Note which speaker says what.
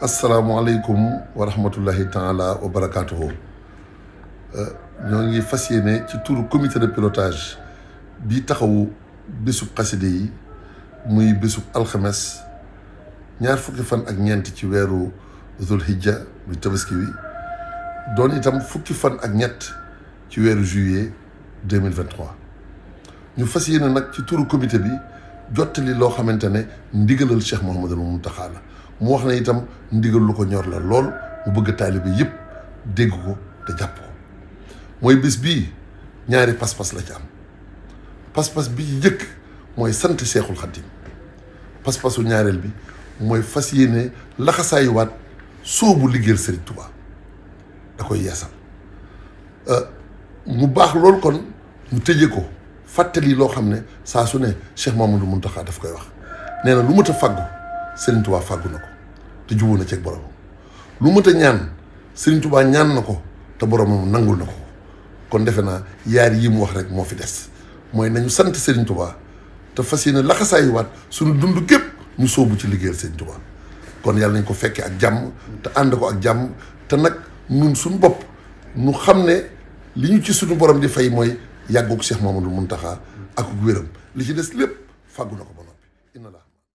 Speaker 1: السلام عليكم ورحمة الله تعالى وبركاته. نعي فسينة تطور كوميتة البيلوتاج بيتخو بسوب قصدي مي بسوب الخمس نعرف كيف أن أغنيان تجويرو ذو الهجة بتبسكيوي دوني تام فوق كيف أن أغنيات تجويرو جوية 2023 نفسينا نك تطور كوميتة بي جوت لي لو خمنتني نديغل الشيخ محمد المنتخالة mu wax na itam ndigal lu ko ñor la lool mu bëgg taalibe yëpp dégg ko te jàpp ko mooy bis bii ñaari pas-pas la ci am pas-pas bi njëkk mooy sant Seexul Xaddim pas-pasu ñaareel bi mooy fas yéene laxasaayuwaat soobu liggéeyal Serigne Touba da koy yeesal euh, mu baax loolu kon mu tëje ko fàttali loo xam ne saa su ne Cheikh Mamadou Mountakha daf koy wax nee na lu mat a fàggu Serigne Touba fàggu na ko te jubóo na ceeg borom lu mënta ñaan Serigne Touba ñaan na ko te boromam nangul na ko kon defe naa yaar yi mu wax rek moo fi des mooy nañu sant Serigne Touba te fas yéene laxasaayuwaat suñu dund gépp ñu sóobu ci liggéeyal Serigne Touba kon yàlla nañ ko fekkee ak jàmm te ànd ko ak jàmm te nag ñun suñu bopp ñu xam ne li ñu ci suñu borom di fay mooy yàggu lu mun taxaar ak wéram li ci des lépp fàggu na ko ba noppi la